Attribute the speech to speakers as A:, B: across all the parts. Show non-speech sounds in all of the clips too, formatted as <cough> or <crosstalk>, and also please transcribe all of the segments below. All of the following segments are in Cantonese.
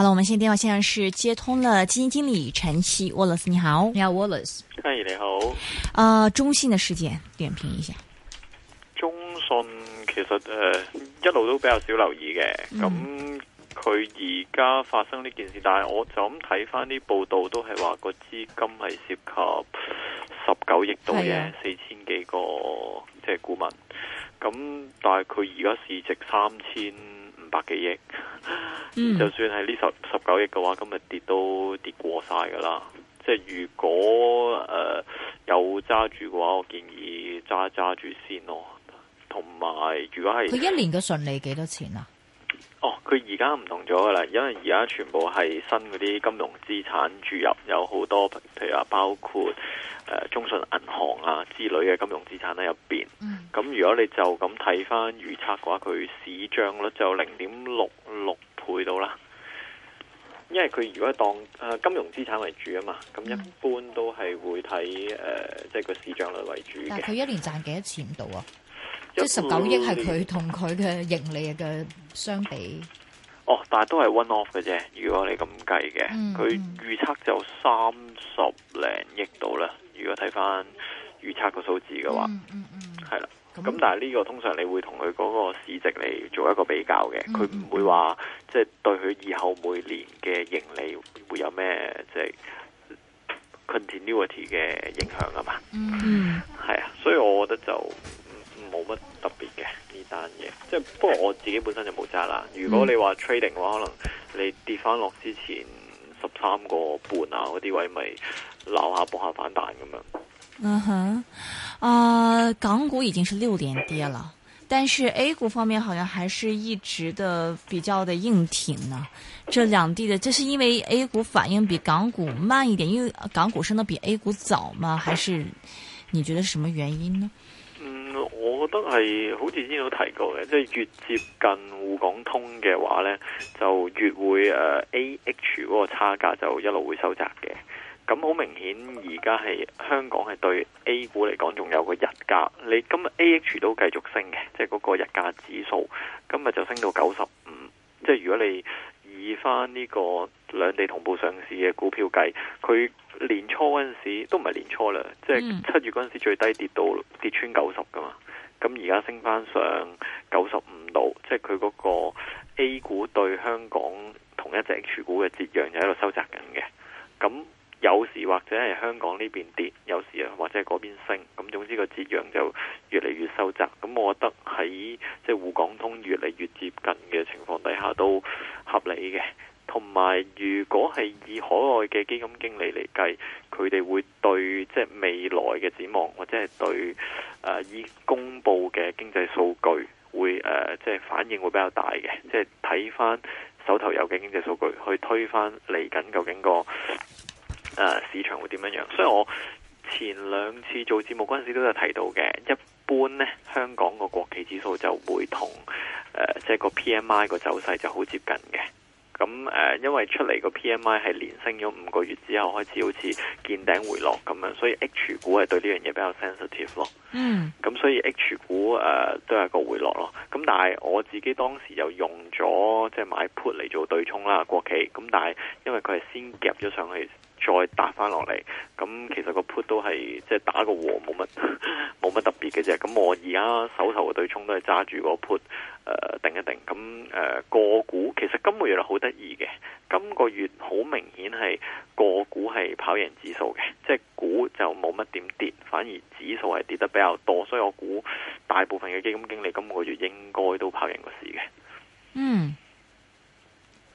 A: 好啦，我們現電話線上是接通了基金經理陳昕 Wallace。Wallace, 你好，你好 Wallace，Hello 你好，啊、呃，中信的事件點評一下，
B: 中信其實誒、呃、一路都比較少留意嘅，咁佢而家發生呢件事，但係我就咁睇翻啲報道都係話個資金係涉及十九億度嘅四千幾個即係股民，咁但係佢而家市值三千。百幾億，
C: <laughs> 嗯、就算
B: 係呢十十九億嘅話，今日跌都跌過晒噶啦。即係如果誒有揸住嘅話，我建議揸一揸住先咯。同埋，如果係佢一
A: 年嘅純利幾多錢啊？
B: 哦，佢而家唔同咗噶啦，因為而家全部係新嗰啲金融資產注入，有好多，譬如話包括誒、呃、中信銀行啊之類嘅金融資產喺入邊。咁、嗯、如果你就咁睇翻預測嘅話，佢市賬率就零點六六倍到啦。因為佢如果當誒金融資產為主啊嘛，咁一般都係會睇誒即係個市賬率為主嘅。但係佢
A: 一年賺幾多錢度
B: 啊？即十九億係佢
A: 同佢嘅盈利嘅相比。
B: 哦，但係都係 one off 嘅啫。如果你咁計嘅，佢預測就三十零億度啦。如果睇翻預測個數字嘅話，嗯嗯嗯，係啦。咁但係呢個通常你會同佢嗰個市值嚟做一個比較嘅。佢唔會話即係對佢以後每年嘅盈利會有咩即係 continuity 嘅影響啊嘛。嗯，係啊。所以我覺得就。冇乜特別嘅呢單嘢，即係不過我自己本身就冇揸啦。如果你話 trading 嘅話，可能你跌翻落之前十三個半啊嗰啲位，咪鬧下博下反彈咁樣。嗯哼，
A: 啊、呃，港股已經是六年跌了，但是 A 股方面好像還是一直的比較的硬挺啊。這兩地的，這是因為 A 股反應比港股慢一點，因為港股升得比 A 股早嗎？還是你覺得什麼原因呢？
B: 我覺得係好似之前有提過嘅，即係越接近滬港通嘅話呢，就越會誒、呃、A H 嗰個差價就一路會收窄嘅。咁好明顯，而家係香港係對 A 股嚟講仲有個日價。你今日 A H 都繼續升嘅，即係嗰個日價指數今日就升到九十五。即係如果你以翻呢個兩地同步上市嘅股票計，佢年初嗰陣時都唔係年初啦，即係七月嗰陣時最低跌到跌穿九十噶嘛。咁而家升翻上九十五度，即係佢嗰個 A 股對香港同一隻 H 股嘅折讓，又喺度收窄緊嘅。咁有時或者係香港呢邊跌，有時啊或者係嗰邊升。咁總之個折讓就越嚟越收窄。咁我覺得喺即係滬港通越嚟越接近嘅情況底下，都合理嘅。同埋，如果係以海外嘅基金經理嚟計，佢哋會對即係未來嘅展望，或者係對誒已，呃、公布嘅經濟數據會誒、呃、即係反應會比較大嘅。即係睇翻手頭有嘅經濟數據去推翻嚟緊究竟個誒、呃、市場會點樣樣。所以我前兩次做節目嗰陣時都有提到嘅，一般咧，香港個國企指數就會同誒、呃、即係個 P M I 個走勢就好接近嘅。咁誒、呃，因為出嚟個 P M I 係連升咗五個月之後，開始好似見頂回落咁樣，所以 H 股係對呢樣嘢比較 sensitive 咯。嗯、
C: mm.，咁
B: 所以 H 股誒、呃、都係一個回落咯。咁但係我自己當時又用咗即係買 put 嚟做對沖啦，國企。咁但係因為佢係先夾咗上去。再打翻落嚟，咁其實個 put 都係即係打個和，冇乜冇乜特別嘅啫。咁我而家手頭嘅對沖都係揸住個 put，誒、呃、定一定。咁誒個股其實今個月咧好得意嘅，今個月好明顯係個股係跑贏指數嘅，即係股就冇乜點跌，反而指數係跌得比較多。所以我估大部分嘅基金經理今個月應該都跑贏個市嘅。
A: 嗯，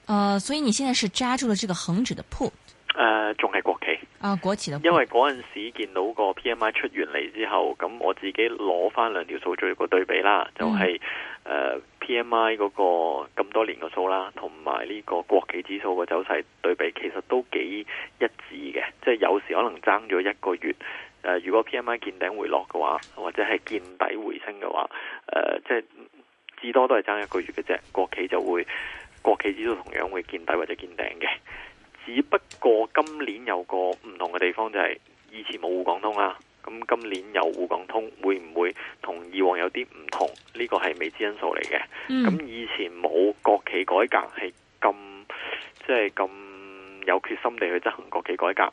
A: 誒、呃，所以你現在是揸住了這個恒指的 put。
B: 誒，仲係、呃、國企啊，國企因為嗰陣時見到個 P M I 出完嚟之後，咁我自己攞翻兩條數據個對比啦，嗯、就係、是、誒、呃、P M I 嗰個咁多年個數啦，同埋呢個國企指數個走勢對比，其實都幾一致嘅。即、就、係、是、有時可能爭咗一個月。誒、呃，如果 P M I 見頂回落嘅話，或者係見底回升嘅話，誒、呃，即係至多都係爭一個月嘅啫。國企就會國企指數同樣會見底或者見頂嘅。只不過今年有個唔同嘅地方就係以前冇滬港通啊，咁今年有滬港通會唔會同以往有啲唔同？呢個係未知因素嚟嘅。咁、嗯、以前冇國企改革係咁，即係咁有決心地去執行國企改革。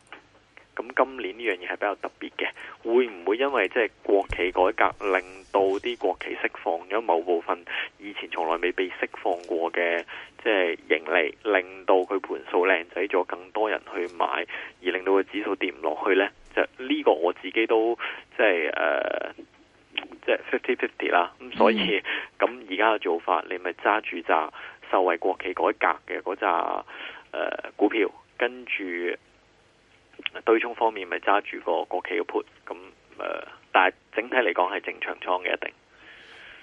B: 咁今年呢樣嘢係比較特別嘅，會唔會因為即係、就是、國企改革令到啲國企釋放咗某部分以前從來未被釋放過嘅即係盈利，令到佢盤數靚仔咗，更多人去買，而令到個指數跌唔落去呢？就呢、是、個我自己都即係，誒，即係 fifty fifty 啦。咁、呃、就是、所以咁而家嘅做法，你咪揸住揸受惠國企改革嘅嗰紮、誒股票，跟住。對沖方面咪揸住個國企嘅盤，咁、呃、誒，但係整體嚟講係正常倉嘅一定。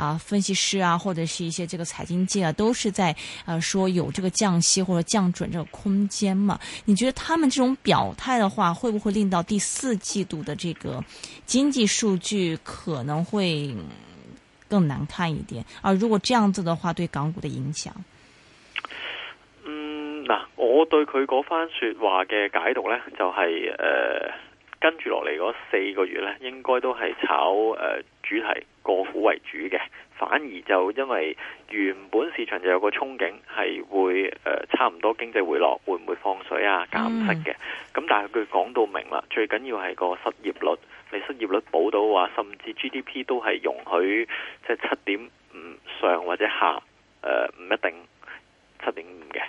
A: 啊，分析師啊，或者是一些這個財經界啊，都是在呃說有這個降息或者降準這個空間嘛？你覺得他們這種表態的話，會不會令到第四季度的這個經濟數據可能會更難看一點？啊，如果這樣子的話，對港股的影響？
B: 嗯，嗱我對佢嗰番說話嘅解讀呢，就是，就係誒。跟住落嚟嗰四個月呢，應該都係炒誒、呃、主題個股為主嘅，反而就因為原本市場就有個憧憬，係會誒差唔多經濟回落，會唔會放水啊減息嘅？咁、嗯、但係佢講到明啦，最緊要係個失業率，你失業率保到話，甚至 GDP 都係容許即係七點五上或者下誒，呃、唔一定七點五嘅。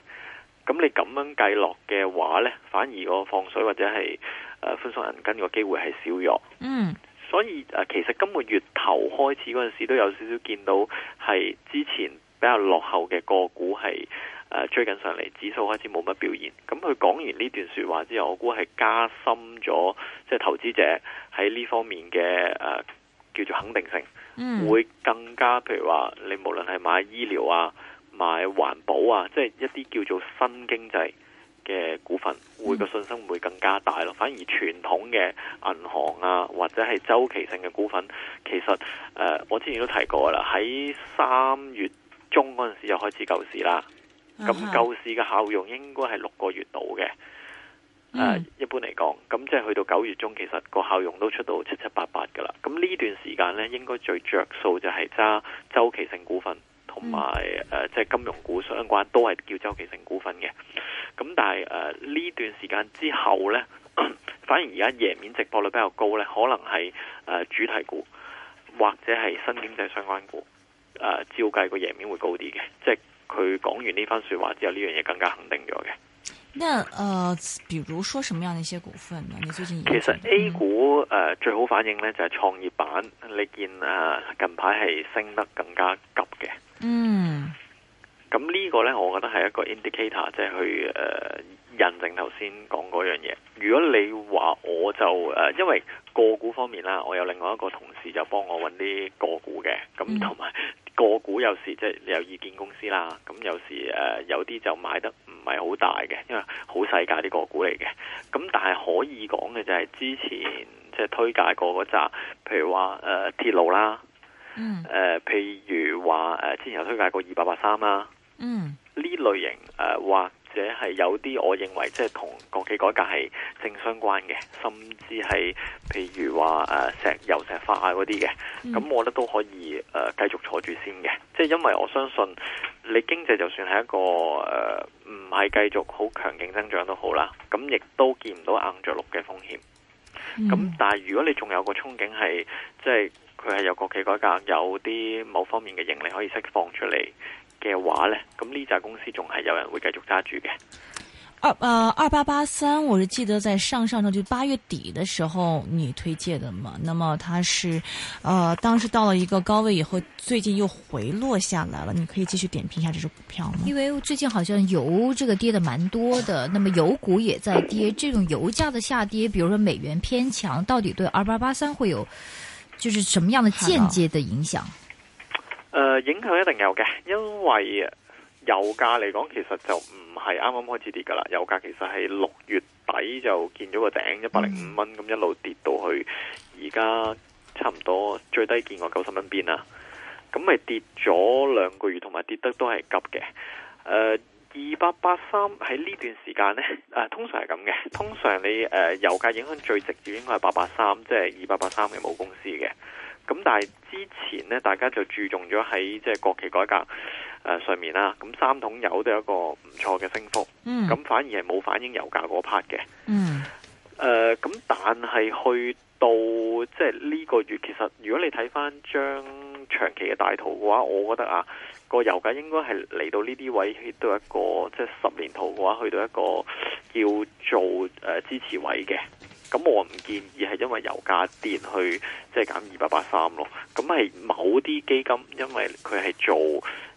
B: 咁你咁樣計落嘅話呢，反而個放水或者係。誒寬鬆銀根個機會係少咗，嗯，所以誒其實今個月頭開始嗰陣時都有少少見到係之前比較落後嘅個股係誒追緊上嚟，指數開始冇乜表現。咁佢講完呢段説話之後，我估係加深咗即係投資者喺呢方面嘅誒叫做肯定性，會更加譬如話你無論係買醫療啊、買環保啊，即係一啲叫做新經濟。嘅股份，會個信心會更加大咯。反而傳統嘅銀行啊，或者係周期性嘅股份，其實、呃、我之前都提過啦。喺三月中嗰陣時就開始救市啦。咁救市嘅效用應該係六個月到嘅、
C: 嗯啊。
B: 一般嚟講，咁即係去到九月中，其實個效用都出到七七八八噶啦。咁呢段時間呢，應該最着數就係揸周期性股份。同埋誒，即係金融股相關都係叫周期性股份嘅。咁但係誒呢段時間之後呢，呃、反而而家贏面值博率比較高呢，可能係誒、呃、主題股或者係新經濟相關股誒，照、呃、計個贏面會高啲嘅。即係佢講完呢番說話之後，呢樣嘢更加肯定咗嘅、
A: 呃。比如說什麼樣的一些股份呢？
B: 你最近其實 A 股誒、呃、最好反應呢，就係、是、創業板，你見誒、啊、近排係升得更加急嘅。嗯，咁呢、mm. 個呢，我覺得係一個 indicator，即係去印證頭先講嗰樣嘢。如果你話我就誒、呃，因為個股方面啦，我有另外一個同事就幫我搵啲個股嘅，咁同埋個股有時即係、就是、你有意見公司啦，咁有時誒、呃、有啲就買得唔係好大嘅，因為好細價啲個股嚟嘅。咁但係可以講嘅就係之前即係、就是、推介過嗰扎，譬如話誒鐵路啦。嗯、呃，譬如話誒、呃，之前有推介過二百八三啦，嗯，呢類型誒、呃，或者係有啲我認為即係同國企改革係正相關嘅，甚至係譬如話誒、呃、石油石化嗰啲嘅，咁、嗯、我覺得都可以誒繼、呃、續坐住先嘅，即、就、係、是、因為我相信你經濟就算係一個誒唔係繼續好強勁增長都好啦，咁亦都見唔到硬着陸嘅風險，
C: 咁、嗯、但
B: 係如果你仲有一個憧憬係即係。就是佢係由國企改革有啲某方面嘅盈利可以釋放出嚟嘅話呢，咁呢隻公司仲係有人會繼續揸住嘅。
A: 二、啊，呃、啊，二八八三，我是記得在上上周就八月底的時候你推薦的嘛。那麼它是，呃，當時到了一個高位以後，最近又回落下來了。你可以繼續點評一下這隻股票嗎？因為最近好像油這個跌得蠻多的，那麼油股也在跌。這種油價的下跌，比如說美元偏強，到底對二八八三會有？就是什麼樣的間接的影響？
B: 誒、呃，影響一定有嘅，因為油價嚟講，其實就唔係啱啱開始跌噶啦。油價其實係六月底就見咗個頂一百零五蚊，咁一路跌到去而家差唔多最低見過九十蚊邊啦。咁咪跌咗兩個月，同埋跌得都係急嘅。誒、呃。二百八三喺呢段時間呢，誒、啊、通常係咁嘅。通常你誒、呃、油價影響最直接應該係八百三，即係二百八三嘅母公司嘅。咁但係之前呢，大家就注重咗喺即係國企改革、呃、上面啦。咁三桶油都有一個唔錯嘅升幅。嗯。咁反而係冇反映油價嗰 part 嘅。嗯、
C: mm.
B: 呃。誒，咁但係去到即係呢個月，其實如果你睇翻張長期嘅大圖嘅話，我覺得啊個油價應該係嚟到呢啲位亦都有一個即係十年圖嘅話去到一個叫做誒、呃、支持位嘅。咁我唔建議係因為油價跌去即係減二百八三咯。咁、就、係、是、某啲基金因為佢係做。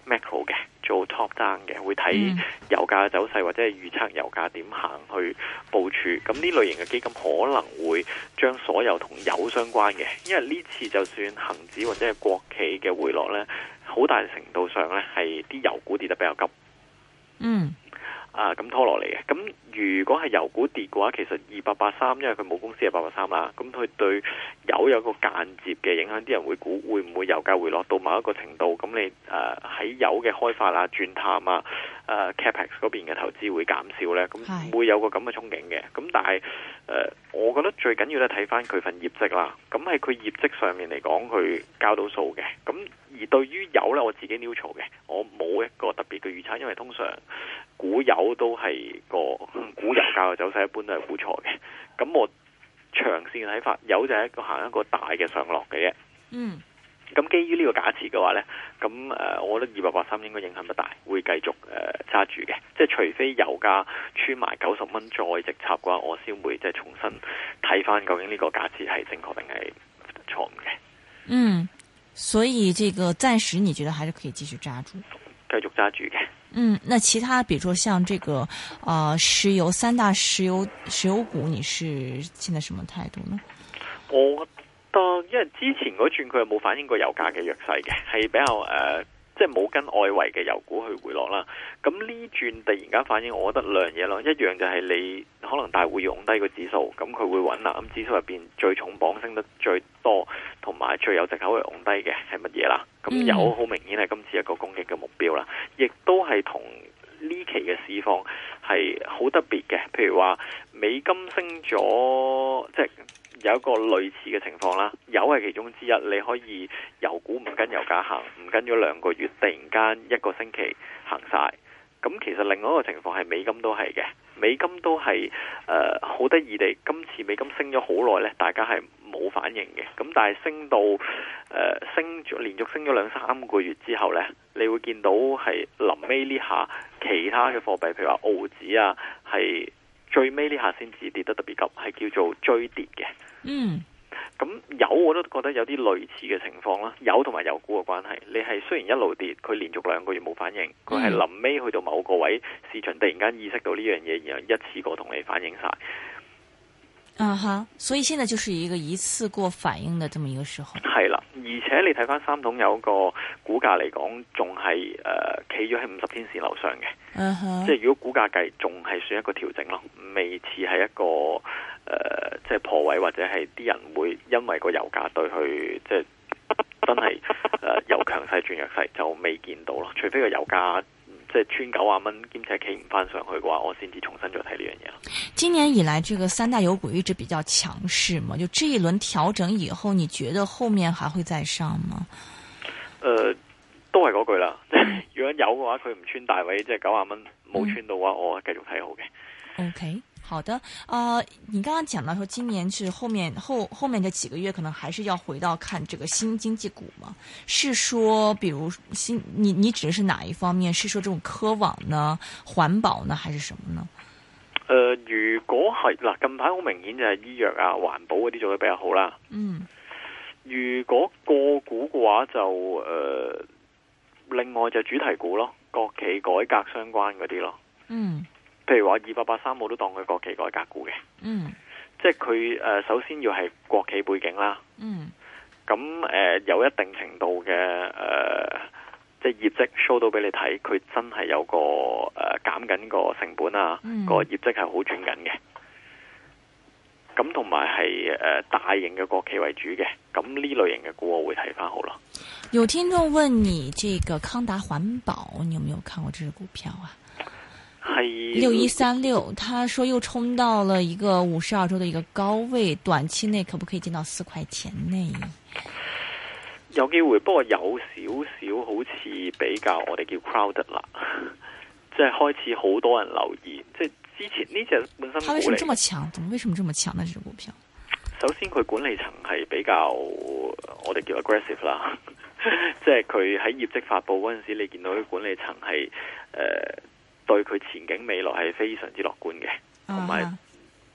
B: Macro 嘅做 top down 嘅會睇油價嘅走勢，或者係預測油價點行去部署，咁呢類型嘅基金可能會將所有同油相關嘅，因為呢次就算恒指或者係國企嘅回落，呢好大程度上呢係啲油股跌得比較急。
C: 嗯。
B: 啊，咁拖落嚟嘅。咁如果係油股跌嘅話，其實二八八三，因為佢母公司係八八三啦。咁佢對油有，有個間接嘅影響，啲人會估會唔會油價回落到某一個程度，咁你誒喺、呃、油嘅開發啊、鑽探啊、誒、呃、CapEx 嗰邊嘅投資會減少呢？咁會有個咁嘅憧憬嘅。咁但係誒、呃，我覺得最緊要咧睇翻佢份業績啦。咁喺佢業績上面嚟講，佢交到數嘅。咁對於油咧，我自己 neutral 嘅，我冇一個特別嘅預測，因為通常估油都係個估油價嘅走勢，一般都係估錯嘅。咁我長線睇法，油就係一個行一個大嘅上落嘅啫。嗯，咁基於呢個假設嘅話呢，咁誒，我覺得二百八三應該影響不大，會繼續誒揸、呃、住嘅。即係除非油價穿埋九十蚊再直插嘅話，我先會即係重新睇返究竟呢個假設係正確定係錯誤嘅。嗯。
A: 所以，這個暫時你覺得還是可以繼續揸住，
B: 繼續揸住嘅。嗯，
A: 那其他，比如說像這個，呃，石油三大石油石油股，你是現在什麼態度呢？
B: 我當，因為之前嗰轉佢係冇反映過油價嘅弱勢嘅，係比較誒、呃，即係冇跟外圍嘅油股去回落啦。咁呢轉突然間反映，我覺得兩樣嘢咯，一樣就係你。可能大會用低個指數，咁佢會揾啦。咁指數入面最重磅升得最多，同埋最有藉口嚟用低嘅係乜嘢啦？咁油，好明顯係今次一個攻擊嘅目標啦，亦都係同呢期嘅市況係好特別嘅。譬如話美金升咗，即係有一個類似嘅情況啦。油係其中之一，你可以油股唔跟油價行，唔跟咗兩個月，突然間一個星期行晒。咁其實另外一個情況係美金都係嘅，美金都係誒好得意地，今次美金升咗好耐呢，大家係冇反應嘅。咁但係升到誒、呃、升咗連續升咗兩三個月之後呢，你會見到係臨尾呢下其他嘅貨幣，譬如話澳紙啊，係最尾呢下先至跌得特別急，係叫做追跌嘅。嗯。咁有我都覺得有啲類似嘅情況啦，油同埋油股嘅關係，你係雖然一路跌，佢連續兩個月冇反應，佢係臨尾去到某個位，市場突然間意識到呢樣嘢，然後一次過同你反應晒。
A: 啊哈、uh，huh. 所以現在就是一個一次過反應嘅這麼一個時候。係
B: 啦，而且你睇翻三桶油個股價嚟講，仲係誒企咗喺五十天線樓上嘅，uh huh. 即係如果股價計，仲係算一個調整咯，未似係一個。誒、呃，即係破位或者係啲人會因為個油價對去，即係真係誒、呃、 <laughs> 由強勢轉弱勢就未見到咯。除非個油價即係穿九十蚊兼且企唔翻上去嘅話，我先至重新再睇呢樣嘢。
A: 今年以來，這個三大油股一直比較強勢嘛。就這一輪調整以後，你覺得後面還會再上嗎？誒、
B: 呃，都係嗰句啦。如果有嘅話，佢唔穿大位，即係九十蚊冇穿到嘅話，嗯、我繼續睇好嘅。
A: O K。好的，啊、呃，你剛剛講到說今年是後面後後面這幾個月可能還是要回到看這個新經濟股嘛？是說，比如新，你你指的是哪一方面？是說這種科網呢、環保呢，還是什麼呢？
B: 呃，如果係嗱，近排好明顯就係醫藥啊、環保嗰啲做得比較好啦。嗯，如果個股嘅話就呃，另外就主題股咯，國企改革相關嗰啲咯。嗯。譬如話二百八三我都當佢國企改革股嘅，嗯，即係佢誒，首先要係國企背景啦，嗯，咁誒、嗯呃，有一定程度嘅誒、呃，即係業績 show 到俾你睇，佢真係有個誒、呃、減緊個成本啊，個、嗯、業績係好轉緊嘅，咁同埋係誒大型嘅國企為主嘅，咁、嗯、呢類型嘅股我會睇翻好咯。
A: 有聽眾問你，這個康達環保，你有沒有看過這支股票啊？六一三六，<是 >6 6, 他說又衝到了一個五十二周的一個高位，短期內可不可以見到四塊錢呢？
B: 有機會，不過有少少好似比較我哋叫 crowded 啦，即 <laughs> 係開始好多人留意。即、就、係、是、之前呢隻、這個、本身，它為什麼這
A: 麼強？怎麼為什麼這麼強呢？這隻股票？
B: 首先佢管理層係比較我哋叫 aggressive 啦，即係佢喺業績發布嗰陣時，你見到啲管理層係誒。呃對佢前景未來係非常之樂觀嘅，同埋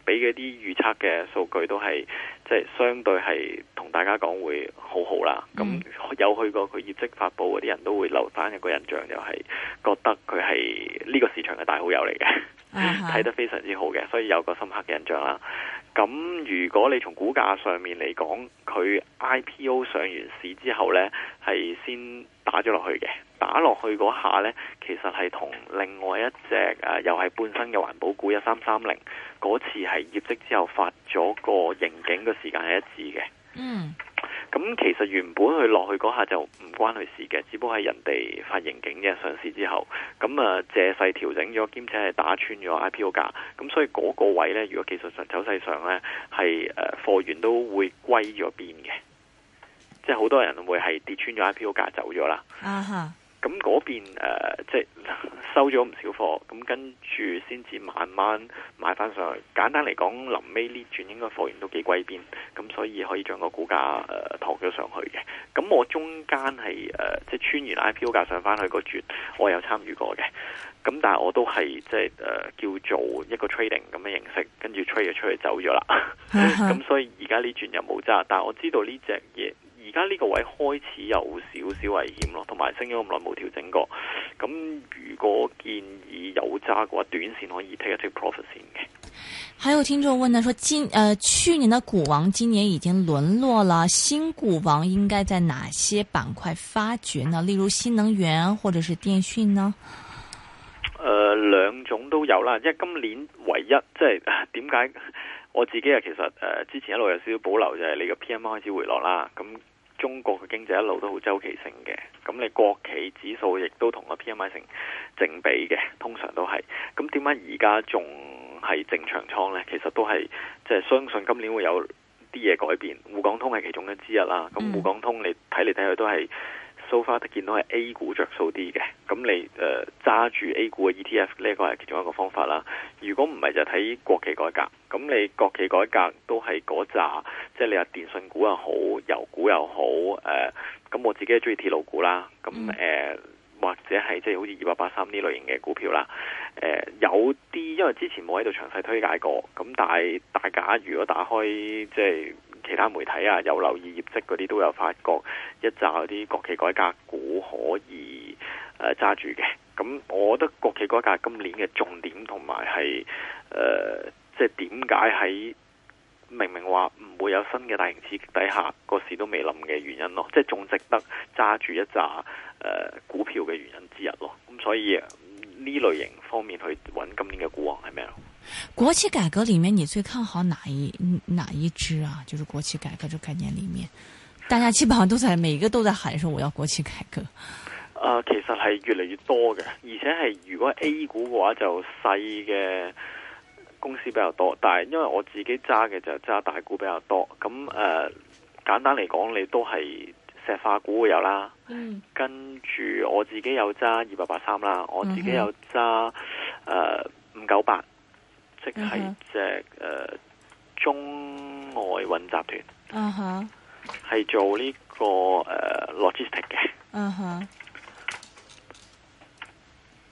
B: 俾嗰啲預測嘅數據都係，即係相對係同大家講會好好啦。咁、uh huh. 有去過佢業績發佈嗰啲人都會留翻一個印象，就係覺得佢係呢個市場嘅大好友嚟嘅，
C: 睇、uh huh. <laughs> 得
B: 非常之好嘅，所以有個深刻嘅印象啦。咁如果你從股價上面嚟講，佢 IPO 上完市之後呢，係先打咗落去嘅，打落去嗰下呢，其實係同另外一隻、啊、又係半新嘅環保股一三三零嗰次係業績之後發咗個盈警嘅時間係一致嘅。嗯。咁其實原本佢落去嗰下就唔關佢事嘅，只不過係人哋發盈警嘅上市之後，咁啊借勢調整咗，兼且係打穿咗 IPO 價，咁所以嗰個位呢，如果技術上走勢上呢，係誒貨源都會歸咗邊嘅，即係好多人會係跌穿咗 IPO 價，走咗啦。Uh huh. 咁嗰邊誒，即係、呃就是、收咗唔少貨，咁跟住先至慢慢買翻上去。簡單嚟講，臨尾呢轉應該貨源都幾歸邊，咁所以可以將個股價誒、呃、托咗上去嘅。咁我中間係誒，即、呃、係、就是、穿完 IPO 價上翻去個轉，我有參與過嘅。咁但係我都係即係誒，叫做一個 trading 咁嘅形式，跟住 trade r、er、走咗啦。咁 <laughs> <laughs> 所以而家呢轉又冇揸，但係我知道呢隻嘢。而家呢個位開始有少少危險咯，同埋升咗咁耐冇調整過，咁如果建議有揸嘅話，短線可以 take a take profit 先嘅。
A: 還有聽眾問呢說今，今、呃、誒去年嘅股王今年已經淪落了，新股王應該在哪些板塊發掘呢？例如新能源或者是電訊呢？誒、
B: 呃，兩種都有啦，因為今年唯一，即係點解我自己啊？其實誒、呃，之前一路有少少保留，就係、是、你個 PM、R、開始回落啦，咁、嗯。中國嘅經濟一路都好周期性嘅，咁你國企指數亦都同個 PMI 成正比嘅，通常都係。咁點解而家仲係正常倉呢？其實都係即係相信今年會有啲嘢改變。滬港通係其中一之一啦。咁滬港通你睇嚟睇去都係。收翻，睇見到係 A 股着數啲嘅，咁你誒揸住 A 股嘅 ETF 呢一個係其中一個方法啦。如果唔係就睇國企改革，咁你國企改革都係嗰扎，即係你話電信股又好、油股又好，誒 I mean.、mm，咁我自己係中意鐵路股啦，咁誒或者係即係好似二八八三呢類型嘅股票啦，誒有啲因為之前冇喺度詳細推介過，咁但係大家如果打開即係。其他媒體啊，有留意業績嗰啲都有發覺一紮嗰啲國企改革股可以揸、呃、住嘅。咁我覺得國企改革今年嘅重點同埋係誒，即係點解喺明明話唔會有新嘅大型刺激底下個市都未冧嘅原因咯，即係仲值得揸住一紮誒、呃、股票嘅原因之一咯。咁所以呢類型方面去揾今年嘅股王係咩？
A: 國企改革裏面，你最看好哪一哪一支啊？就是國企改革這概念裏面，大家基本上都在每個都在喊說我要國企改革。
B: 誒、呃，其實係越嚟越多嘅，而且係如果 A 股嘅話就細嘅公司比較多，但係因為我自己揸嘅就揸大股比較多。咁誒、呃，簡單嚟講，你都係石化股會有啦。嗯、跟住我自己有揸二百八三啦，我自己有揸誒五九八。嗯哼呃即係隻誒中外運集團，係、uh huh. 做呢、這個誒 Logistics 嘅。呃 Log
A: 的 uh huh.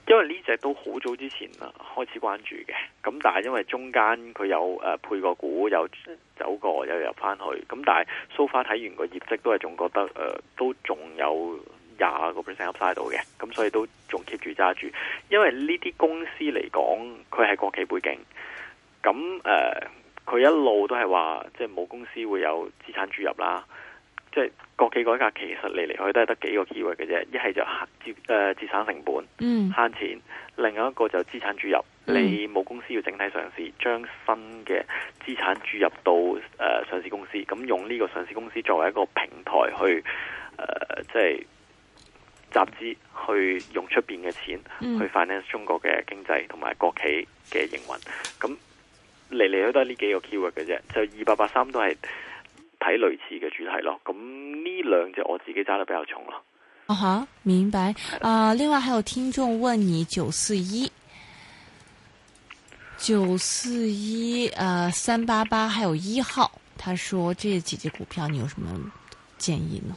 B: 因為呢隻都好早之前啦，開始關注嘅。咁但係因為中間佢有誒、呃、配過股，有走過，又入翻去。咁但係 so far 睇完個業績、呃，都係仲覺得誒，都仲有。廿個 percent upside 到嘅，咁所以都仲 keep 住揸住，因為呢啲公司嚟講，佢係國企背景，咁、嗯、誒，佢、呃、一路都係話，即係冇公司會有資產注入啦，即係國企改革其實嚟嚟去去都係得幾個機會嘅啫，一係就慳誒資產成本，嗯，慳錢，另一個就是資產注入，mm. 你冇公司要整體上市，將新嘅資產注入到誒上市公司，咁用呢個上市公司作為一個平台去誒，即、呃、係。就是集資去用出邊嘅錢、嗯、去 finance 中國嘅經濟同埋國企嘅營運，咁嚟嚟去都係呢幾個 keyword 嘅啫，就二八八三都係睇類似嘅主題咯。咁呢兩隻我自己揸得比較重咯。
A: 啊哈，明白。啊、呃，另外還有聽眾問你九四一、九四一、啊三八八，還有一號，他說這幾隻股票你有什麼建議呢？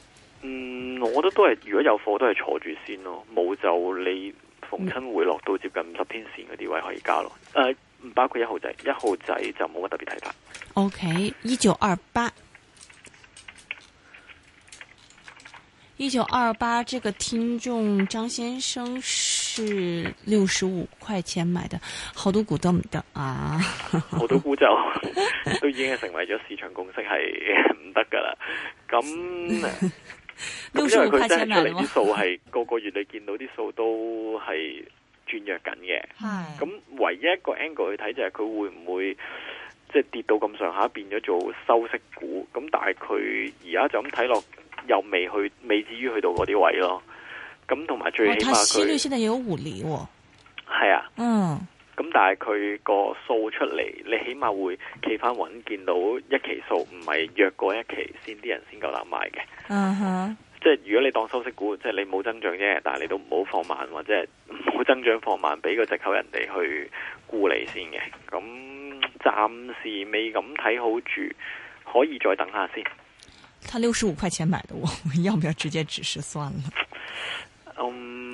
B: 我覺得都係，如果有貨都係坐住先咯，冇就你逢親會落到接近五十天線嗰啲位可以加咯。誒、呃，唔包括一號仔，一號仔就冇乜特別睇法。
A: OK，一九二八，一九二八，這個聽眾張先生是六十五塊錢買的，好多股都唔得啊！
B: 好多股就都已經成為咗市場共識，係唔得噶啦。咁。 <laughs>
A: 因為佢真
B: 係出嚟啲數，係個個月你見到啲數都係轉弱緊嘅，咁 <laughs> 唯一一個 angle 去睇就係佢會唔會即係跌到咁上下變咗做收息股？咁但係佢而家就咁睇落又未去，未至於去到嗰啲位咯。咁同埋最起碼佢。哦、
A: 現在有五厘係、哦、啊。嗯。
B: 咁、嗯、但係佢個數出嚟，你起碼會企翻穩，見到一期數唔係弱過一期，先啲人先夠膽買嘅、
C: uh huh.
B: 嗯。即係如果你當收息股，即係你冇增長啫，但係你都唔好放慢，或者唔好增長放慢，俾個藉口人哋去沽你先嘅。咁、嗯、暫時未咁睇好住，可以再等下先。
A: 他六十五塊錢買的我，我要不要直接止損
B: 算了？Um,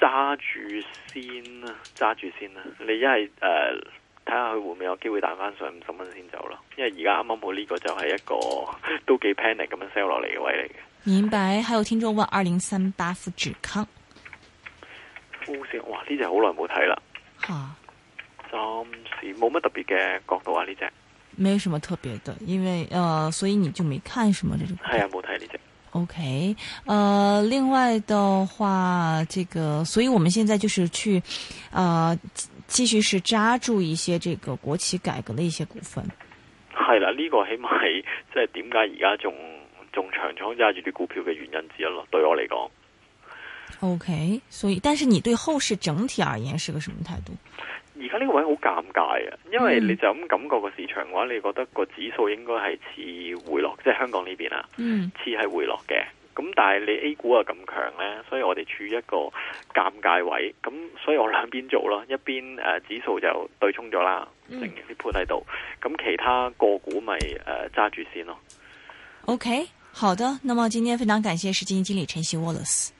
B: 揸住先啊，揸住先啦！你一係誒，睇下佢會唔會有機會彈翻上五十蚊先走咯。因為而家啱啱冇呢個，就係一個都幾 panic 咁樣 sell 落嚟嘅位嚟
A: 嘅。明白，還有聽眾問：二零三八富士康。
B: 哇，呢隻好耐冇睇啦。吓，暫時冇乜特別嘅角度啊，呢隻。
A: 沒有什麼特別的，因為，呃，所以你就沒看什麼呢種。
B: 係啊，冇睇呢隻。
A: OK，呃，另外的話，這個，所以我們現在就是去，呃，繼續是揸住一些這個國企改革的一些股份。
B: 係啦，呢個起碼係即係點解而家仲仲長倉揸住啲股票嘅原因之一咯。對我嚟講
A: ，OK，所以，但是你對後市整體而言是個什麼態度？
B: 而家呢個位好尷尬啊，因為你就咁感覺個市場嘅話，嗯、你覺得個指數應該係似回落，即係香港呢邊啦，似係回落嘅。咁但係你 A 股啊咁強咧，所以我哋處於一個尷尬位，咁所以我兩邊做咯，一邊誒、呃、指數就對沖咗啦，剩啲盤喺度，咁其他個股咪誒揸住先咯。
A: OK，好的，那麼今天非常感謝基金經理陳昕 Wallace。